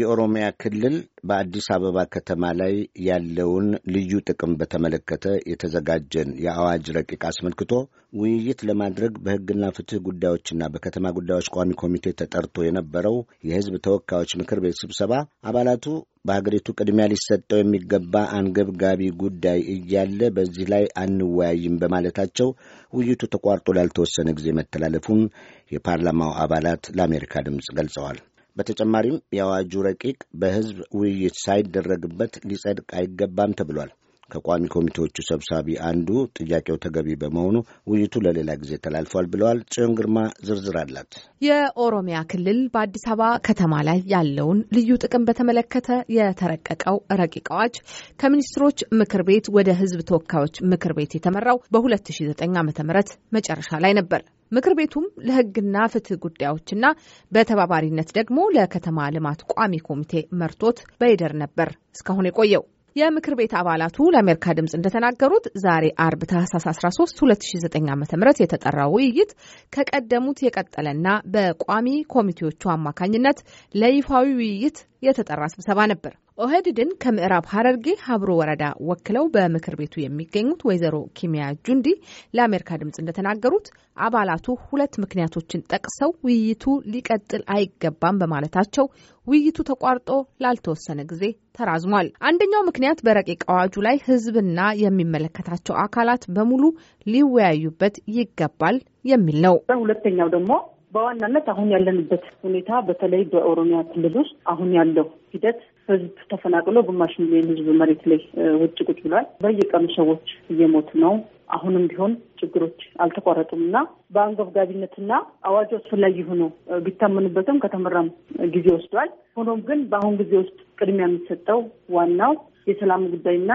የኦሮሚያ ክልል በአዲስ አበባ ከተማ ላይ ያለውን ልዩ ጥቅም በተመለከተ የተዘጋጀን የአዋጅ ረቂቅ አስመልክቶ ውይይት ለማድረግ በሕግና ፍትሕ ጉዳዮችና በከተማ ጉዳዮች ቋሚ ኮሚቴ ተጠርቶ የነበረው የሕዝብ ተወካዮች ምክር ቤት ስብሰባ አባላቱ በሀገሪቱ ቅድሚያ ሊሰጠው የሚገባ አንገብጋቢ ጉዳይ እያለ በዚህ ላይ አንወያይም በማለታቸው ውይይቱ ተቋርጦ ላልተወሰነ ጊዜ መተላለፉን የፓርላማው አባላት ለአሜሪካ ድምፅ ገልጸዋል። በተጨማሪም የአዋጁ ረቂቅ በሕዝብ ውይይት ሳይደረግበት ሊጸድቅ አይገባም ተብሏል። ከቋሚ ኮሚቴዎቹ ሰብሳቢ አንዱ ጥያቄው ተገቢ በመሆኑ ውይይቱ ለሌላ ጊዜ ተላልፏል ብለዋል። ጽዮን ግርማ ዝርዝር አላት። የኦሮሚያ ክልል በአዲስ አበባ ከተማ ላይ ያለውን ልዩ ጥቅም በተመለከተ የተረቀቀው ረቂቅ አዋጅ ከሚኒስትሮች ምክር ቤት ወደ ህዝብ ተወካዮች ምክር ቤት የተመራው በ2009 ም መጨረሻ ላይ ነበር። ምክር ቤቱም ለሕግና ፍትህ ጉዳዮችና በተባባሪነት ደግሞ ለከተማ ልማት ቋሚ ኮሚቴ መርቶት በይደር ነበር እስካሁን የቆየው። የምክር ቤት አባላቱ ለአሜሪካ ድምፅ እንደተናገሩት ዛሬ አርብ ታህሳስ 13 2009 ዓ ም የተጠራው ውይይት ከቀደሙት የቀጠለና በቋሚ ኮሚቴዎቹ አማካኝነት ለይፋዊ ውይይት የተጠራ ስብሰባ ነበር። ኦህዴድን ከምዕራብ ሐረርጌ ሀብሮ ወረዳ ወክለው በምክር ቤቱ የሚገኙት ወይዘሮ ኪሚያ ጁንዲ ለአሜሪካ ድምጽ እንደተናገሩት አባላቱ ሁለት ምክንያቶችን ጠቅሰው ውይይቱ ሊቀጥል አይገባም በማለታቸው ውይይቱ ተቋርጦ ላልተወሰነ ጊዜ ተራዝሟል። አንደኛው ምክንያት በረቂቅ አዋጁ ላይ ሕዝብና የሚመለከታቸው አካላት በሙሉ ሊወያዩበት ይገባል የሚል ነው። ሁለተኛው ደግሞ በዋናነት አሁን ያለንበት ሁኔታ በተለይ በኦሮሚያ ክልል ውስጥ አሁን ያለው ሂደት ህዝብ ተፈናቅሎ ግማሽ ሚሊዮን ህዝብ መሬት ላይ ውጭ ቁጭ ብሏል። በየቀኑ ሰዎች እየሞቱ ነው። አሁንም ቢሆን ችግሮች አልተቋረጡም እና በአንገብጋቢነትና አዋጁ አስፈላጊ ሆኖ ቢታመኑበትም ከተመራም ጊዜ ወስዷል። ሆኖም ግን በአሁን ጊዜ ውስጥ ቅድሚያ የሚሰጠው ዋናው የሰላም ጉዳይና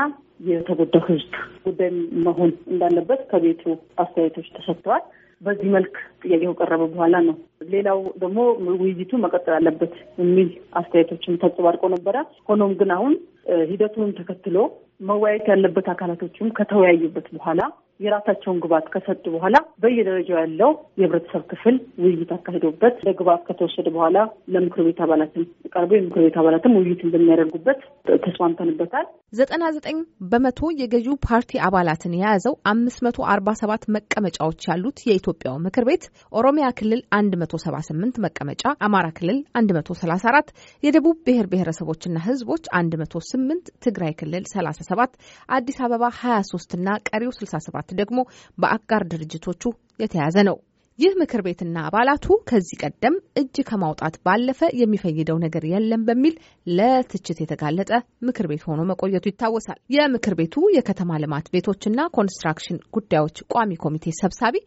የተጎዳው ህዝብ ጉዳይ መሆን እንዳለበት ከቤቱ አስተያየቶች ተሰጥተዋል። በዚህ መልክ ጥያቄው ቀረበ በኋላ ነው። ሌላው ደግሞ ውይይቱ መቀጠል አለበት የሚል አስተያየቶችን ተንጸባርቆ ነበረ። ሆኖም ግን አሁን ሂደቱን ተከትሎ መወያየት ያለበት አካላቶችም ከተወያዩበት በኋላ የራሳቸውን ግብዓት ከሰጡ በኋላ በየደረጃው ያለው የህብረተሰብ ክፍል ውይይት አካሂዶበት ለግብዓት ከተወሰደ በኋላ ለምክር ቤት አባላትም ቀርቦ የምክር ቤት አባላትም ውይይት እንደሚያደርጉበት ተስማምተንበታል። ዘጠና ዘጠኝ በመቶ የገዢው ፓርቲ አባላትን የያዘው አምስት መቶ አርባ ሰባት መቀመጫዎች ያሉት የኢትዮጵያው ምክር ቤት ኦሮሚያ ክልል አንድ መቶ ሰባ ስምንት መቀመጫ፣ አማራ ክልል አንድ መቶ ሰላሳ አራት የደቡብ ብሔር ብሔረሰቦችና ህዝቦች አንድ መቶ ስምንት ትግራይ ክልል ሰላሳ ሰባት አዲስ አበባ ሀያ ሶስት ና ቀሪው ስልሳ ሰባት 2017 ደግሞ በአጋር ድርጅቶቹ የተያዘ ነው። ይህ ምክር ቤትና አባላቱ ከዚህ ቀደም እጅ ከማውጣት ባለፈ የሚፈይደው ነገር የለም በሚል ለትችት የተጋለጠ ምክር ቤት ሆኖ መቆየቱ ይታወሳል። የምክር ቤቱ የከተማ ልማት ቤቶችና ኮንስትራክሽን ጉዳዮች ቋሚ ኮሚቴ ሰብሳቢ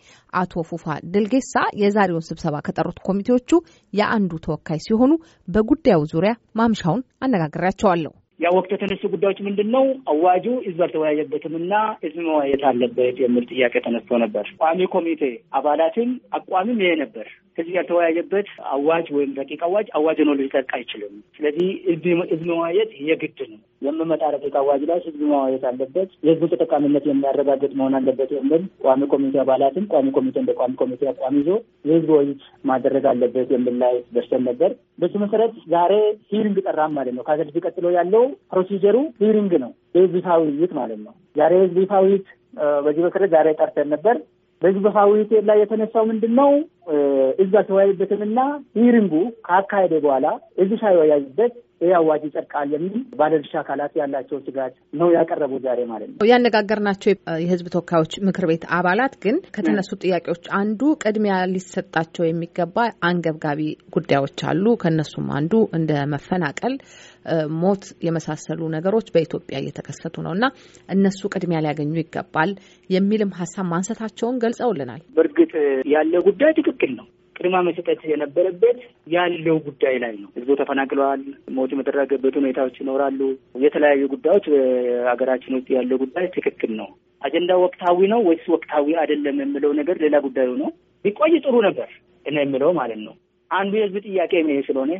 አቶ ፉፋ ድልጌሳ የዛሬውን ስብሰባ ከጠሩት ኮሚቴዎቹ የአንዱ ተወካይ ሲሆኑ በጉዳዩ ዙሪያ ማምሻውን አነጋግሬያቸዋለሁ። ያ ወቅት የተነሱ ጉዳዮች ምንድን ነው? አዋጁ ህዝብ አልተወያየበትም እና እዝ መዋየት አለበት የሚል ጥያቄ ተነስቶ ነበር። ቋሚ ኮሚቴ አባላትም አቋምም ይሄ ነበር። ከዚህ ጋር አዋጅ ወይም ረቂቅ አዋጅ አዋጅ ነው ሊጠቅ አይችልም። ስለዚህ ህዝብ መዋየት የግድ ነው። የምመጣ ረቂቅ አዋጅ ላይ ህዝብ መዋየት አለበት። የህዝቡ ተጠቃሚነት የሚያረጋግጥ መሆን አለበት የሚል ቋሚ ኮሚቴ አባላትም ቋሚ ኮሚቴ እንደ ቋሚ ኮሚቴ አቋም ይዞ የህዝብ ውይይት ማድረግ አለበት የሚል ላይ ደርሰን ነበር። በሱ መሰረት ዛሬ ሂሪንግ ጠራም ማለት ነው። ከዚ ቀጥሎ ያለው ፕሮሲጀሩ ሂሪንግ ነው፣ የህዝብ ይፋ ውይይት ማለት ነው። ዛሬ የህዝብ ይፋ ውይይት በዚህ መሰረት ዛሬ ጠርተን ነበር። በዝበፋዊ ሆቴል ላይ የተነሳው ምንድን ነው? እዛ ተወያዩበትንና ሂሪንጉ ካካሄደ በኋላ እዚህ ሳይወያዩበት ይህ አዋጅ ይጸድቃል የሚል ባለድርሻ አካላት ያላቸው ስጋት ነው ያቀረቡ ዛሬ ማለት ነው። ያነጋገርናቸው የህዝብ ተወካዮች ምክር ቤት አባላት ግን ከተነሱ ጥያቄዎች አንዱ ቅድሚያ ሊሰጣቸው የሚገባ አንገብጋቢ ጉዳዮች አሉ። ከነሱም አንዱ እንደ መፈናቀል፣ ሞት የመሳሰሉ ነገሮች በኢትዮጵያ እየተከሰቱ ነው እና እነሱ ቅድሚያ ሊያገኙ ይገባል የሚልም ሀሳብ ማንሳታቸውን ገልጸውልናል። በእርግጥ ያለ ጉዳይ ትክክል ነው። ቅድማ መሰጠት የነበረበት ያለው ጉዳይ ላይ ነው። ህዝቡ ተፈናቅለዋል። ሞት የተደረገበት ሁኔታዎች ይኖራሉ። የተለያዩ ጉዳዮች በሀገራችን ውስጥ ያለው ጉዳይ ትክክል ነው። አጀንዳ ወቅታዊ ነው ወይስ ወቅታዊ አይደለም የምለው ነገር ሌላ ጉዳዩ ነው። ቢቆይ ጥሩ ነበር እኔ የምለው ማለት ነው። አንዱ የህዝብ ጥያቄ ነው ስለሆነ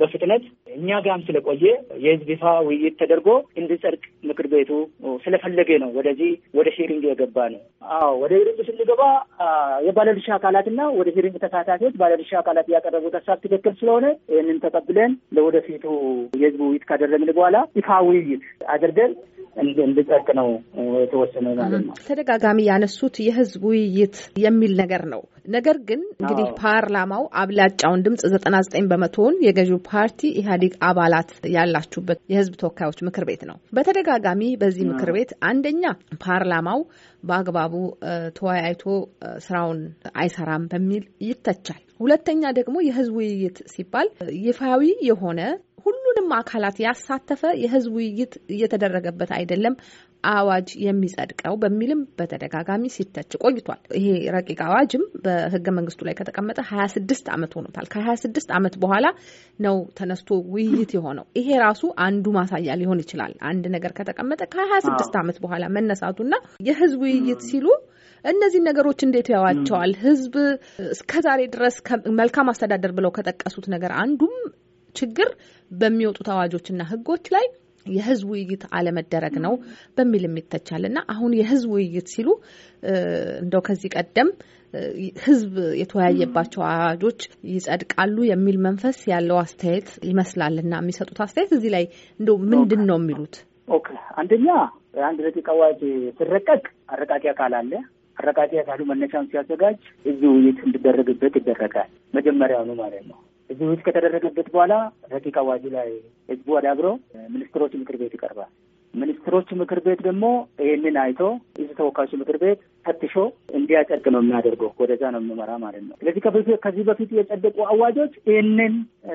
በፍጥነት እኛ ጋም ስለቆየ የህዝብ ይፋ ውይይት ተደርጎ እንዲጸድቅ ምክር ቤቱ ስለፈለገ ነው ወደዚህ ወደ ሂሪንግ የገባ ነው። አዎ ወደ ሂሪንግ ስንገባ የባለድርሻ አካላትና ወደ ሂሪንግ ተሳታፊዎች ባለድርሻ አካላት ያቀረቡት ሀሳብ ትክክል ስለሆነ ይህንን ተቀብለን ለወደፊቱ የህዝብ ውይይት ካደረግን በኋላ ይፋ ውይይት አድርገን እንድጠቅ ነው የተወሰነ ማለት ነው። ተደጋጋሚ ያነሱት የህዝብ ውይይት የሚል ነገር ነው። ነገር ግን እንግዲህ ፓርላማው አብላጫውን ድምጽ ዘጠና ዘጠኝ በመቶውን የገዢው ፓርቲ ኢህአዴግ አባላት ያላችሁበት የህዝብ ተወካዮች ምክር ቤት ነው። በተደጋጋሚ በዚህ ምክር ቤት አንደኛ ፓርላማው በአግባቡ ተወያይቶ ስራውን አይሰራም በሚል ይተቻል። ሁለተኛ ደግሞ የህዝብ ውይይት ሲባል ይፋዊ የሆነ ሁሉንም አካላት ያሳተፈ የህዝብ ውይይት እየተደረገበት አይደለም አዋጅ የሚጸድቀው በሚልም በተደጋጋሚ ሲተች ቆይቷል። ይሄ ረቂቅ አዋጅም በህገ መንግስቱ ላይ ከተቀመጠ ሀያ ስድስት ዓመት ሆኖታል። ከሀያ ስድስት ዓመት በኋላ ነው ተነስቶ ውይይት የሆነው። ይሄ ራሱ አንዱ ማሳያ ሊሆን ይችላል። አንድ ነገር ከተቀመጠ ከሀያ ስድስት ዓመት በኋላ መነሳቱና የህዝብ ውይይት ሲሉ እነዚህ ነገሮች እንዴት ያዋቸዋል? ህዝብ እስከዛሬ ድረስ መልካም አስተዳደር ብለው ከጠቀሱት ነገር አንዱም ችግር በሚወጡት አዋጆችና ህጎች ላይ የህዝብ ውይይት አለመደረግ ነው በሚልም ይተቻል እና አሁን የህዝብ ውይይት ሲሉ እንደው ከዚህ ቀደም ህዝብ የተወያየባቸው አዋጆች ይጸድቃሉ የሚል መንፈስ ያለው አስተያየት ይመስላል እና የሚሰጡት አስተያየት እዚህ ላይ እንደው ምንድን ነው የሚሉት? ኦኬ አንደኛ አንድ ረቂቅ አዋጅ ሲረቀቅ አረቃቂ አካል አለ። አረቃቂ አካሉ መነሻውን ሲያዘጋጅ እዚህ ውይይት እንዲደረግበት ይደረጋል። መጀመሪያውኑ ማለት ነው። እዚህ ውይይት ከተደረገበት በኋላ ረቂቅ አዋጁ ላይ ህዝቡ አዳብሮ ሚኒስትሮች ምክር ቤት ይቀርባል። ሚኒስትሮች ምክር ቤት ደግሞ ይህንን አይቶ እዚህ ተወካዮች ምክር ቤት ፈትሾ እንዲያጸድቅ ነው የሚያደርገው። ወደዛ ነው የምመራ ማለት ነው። ስለዚህ ከዚህ በፊት የጸደቁ አዋጆች ይህንን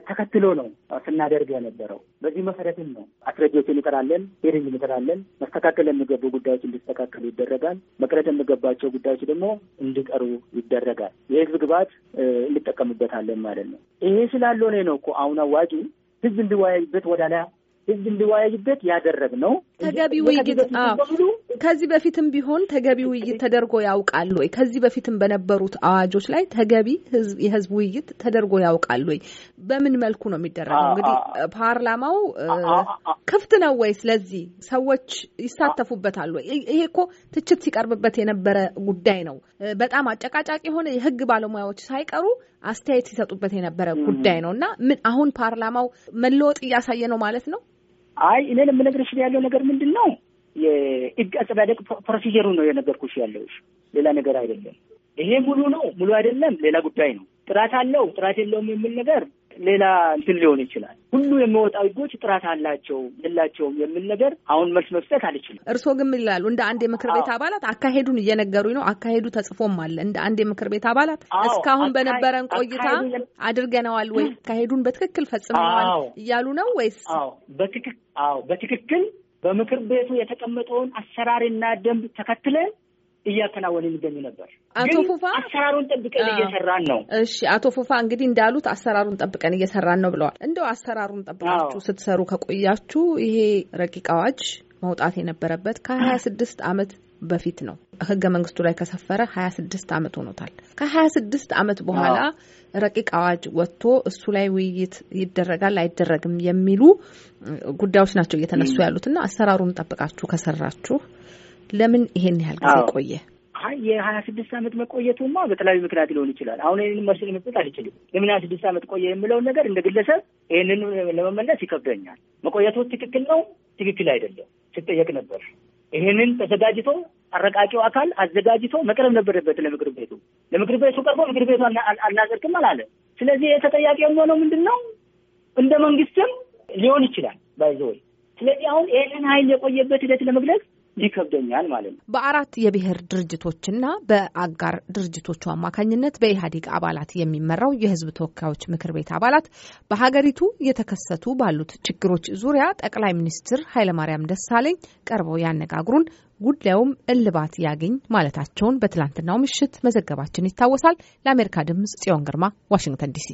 ተከትሎ ነው ስናደርግ የነበረው። በዚህ መሰረትም ነው አስረጆችን እንጠራለን፣ ሄድንግ እንጠራለን። መስተካከል የሚገቡ ጉዳዮች እንዲስተካከሉ ይደረጋል። መቅረት የሚገባቸው ጉዳዮች ደግሞ እንዲቀሩ ይደረጋል። የህዝብ ግብዓት እንጠቀምበታለን ማለት ነው። ይሄ ስላለ ነው እኮ አሁን አዋጁ ህዝብ እንዲወያይበት ወደ ላይ ህዝብ እንዲወያይበት ያደረግ ነው። ተገቢ ውይይት ከዚህ በፊትም ቢሆን ተገቢ ውይይት ተደርጎ ያውቃል ወይ? ከዚህ በፊትም በነበሩት አዋጆች ላይ ተገቢ የህዝብ ውይይት ተደርጎ ያውቃል ወይ? በምን መልኩ ነው የሚደረገው? እንግዲህ ፓርላማው ክፍት ነው ወይ? ስለዚህ ሰዎች ይሳተፉበታል ወይ? ይሄ እኮ ትችት ሲቀርብበት የነበረ ጉዳይ ነው። በጣም አጨቃጫቂ የሆነ የህግ ባለሙያዎች ሳይቀሩ አስተያየት ሲሰጡበት የነበረ ጉዳይ ነው እና ምን አሁን ፓርላማው መለወጥ እያሳየ ነው ማለት ነው። አይ እኔን የምነግርሽ ያለው ነገር ምንድን ነው የህግ አጸዳደቅ ፕሮሲጀሩ ነው የነገርኩሽ ያለውሽ ሌላ ነገር አይደለም። ይሄ ሙሉ ነው ሙሉ አይደለም ሌላ ጉዳይ ነው። ጥራት አለው ጥራት የለውም የሚል ነገር ሌላ እንትን ሊሆን ይችላል። ሁሉ የሚወጣው ህጎች ጥራት አላቸው የላቸውም የሚል ነገር አሁን መልስ መስጠት አልችልም። እርስዎ ግን ምን ይላሉ? እንደ አንድ የምክር ቤት አባላት አካሄዱን እየነገሩኝ ነው። አካሄዱ ተጽፎም አለ። እንደ አንድ የምክር ቤት አባላት እስካሁን በነበረን ቆይታ አድርገነዋል ወይ አካሄዱን በትክክል ፈጽመዋል እያሉ ነው ወይስ? አዎ በትክክል በምክር ቤቱ የተቀመጠውን አሰራርና ደንብ ተከትለን እያከናወን የሚገኙ ነበር። አቶ ፉፋ አሰራሩን ጠብቀን እየሰራን ነው። እሺ፣ አቶ ፉፋ እንግዲህ እንዳሉት አሰራሩን ጠብቀን እየሰራን ነው ብለዋል። እንደው አሰራሩን ጠብቃችሁ ስትሰሩ ከቆያችሁ ይሄ ረቂቅ አዋጅ መውጣት የነበረበት ከሀያ ስድስት አመት በፊት ነው። ህገ መንግስቱ ላይ ከሰፈረ ሀያ ስድስት አመት ሆኖታል። ከሀያ ስድስት አመት በኋላ ረቂቅ አዋጅ ወጥቶ እሱ ላይ ውይይት ይደረጋል አይደረግም የሚሉ ጉዳዮች ናቸው እየተነሱ ያሉት እና አሰራሩን ጠብቃችሁ ከሰራችሁ ለምን ይሄን ያህል ጊዜ ቆየ? የሀያ ስድስት ዓመት መቆየቱማ በተለያዩ ምክንያት ሊሆን ይችላል። አሁን ይህንን መርስ መስጠት አልችልም። ለምን ሀያ ስድስት ዓመት ቆየ የምለውን ነገር እንደ ግለሰብ ይህንን ለመመለስ ይከብደኛል። መቆየቱ ትክክል ነው፣ ትክክል አይደለም ስጠየቅ ነበር። ይህንን ተዘጋጅቶ አረቃቂው አካል አዘጋጅቶ መቅረብ ነበረበት ለምክር ቤቱ። ለምክር ቤቱ ቀርቦ ምክር ቤቱ አናጸድቅም አላለ። ስለዚህ የተጠያቂ የሚሆነው ምንድን ነው? እንደ መንግስትም ሊሆን ይችላል ባይዘወይ። ስለዚህ አሁን ይህንን ሀይል የቆየበት ሂደት ለመግለጽ ይከብደኛል ማለት ነው። በአራት የብሔር ድርጅቶችና በአጋር ድርጅቶቹ አማካኝነት በኢህአዴግ አባላት የሚመራው የህዝብ ተወካዮች ምክር ቤት አባላት በሀገሪቱ የተከሰቱ ባሉት ችግሮች ዙሪያ ጠቅላይ ሚኒስትር ኃይለማርያም ደሳለኝ ቀርበው ያነጋግሩን ጉዳዩም እልባት ያገኝ ማለታቸውን በትላንትናው ምሽት መዘገባችን ይታወሳል። ለአሜሪካ ድምጽ ጽዮን ግርማ ዋሽንግተን ዲሲ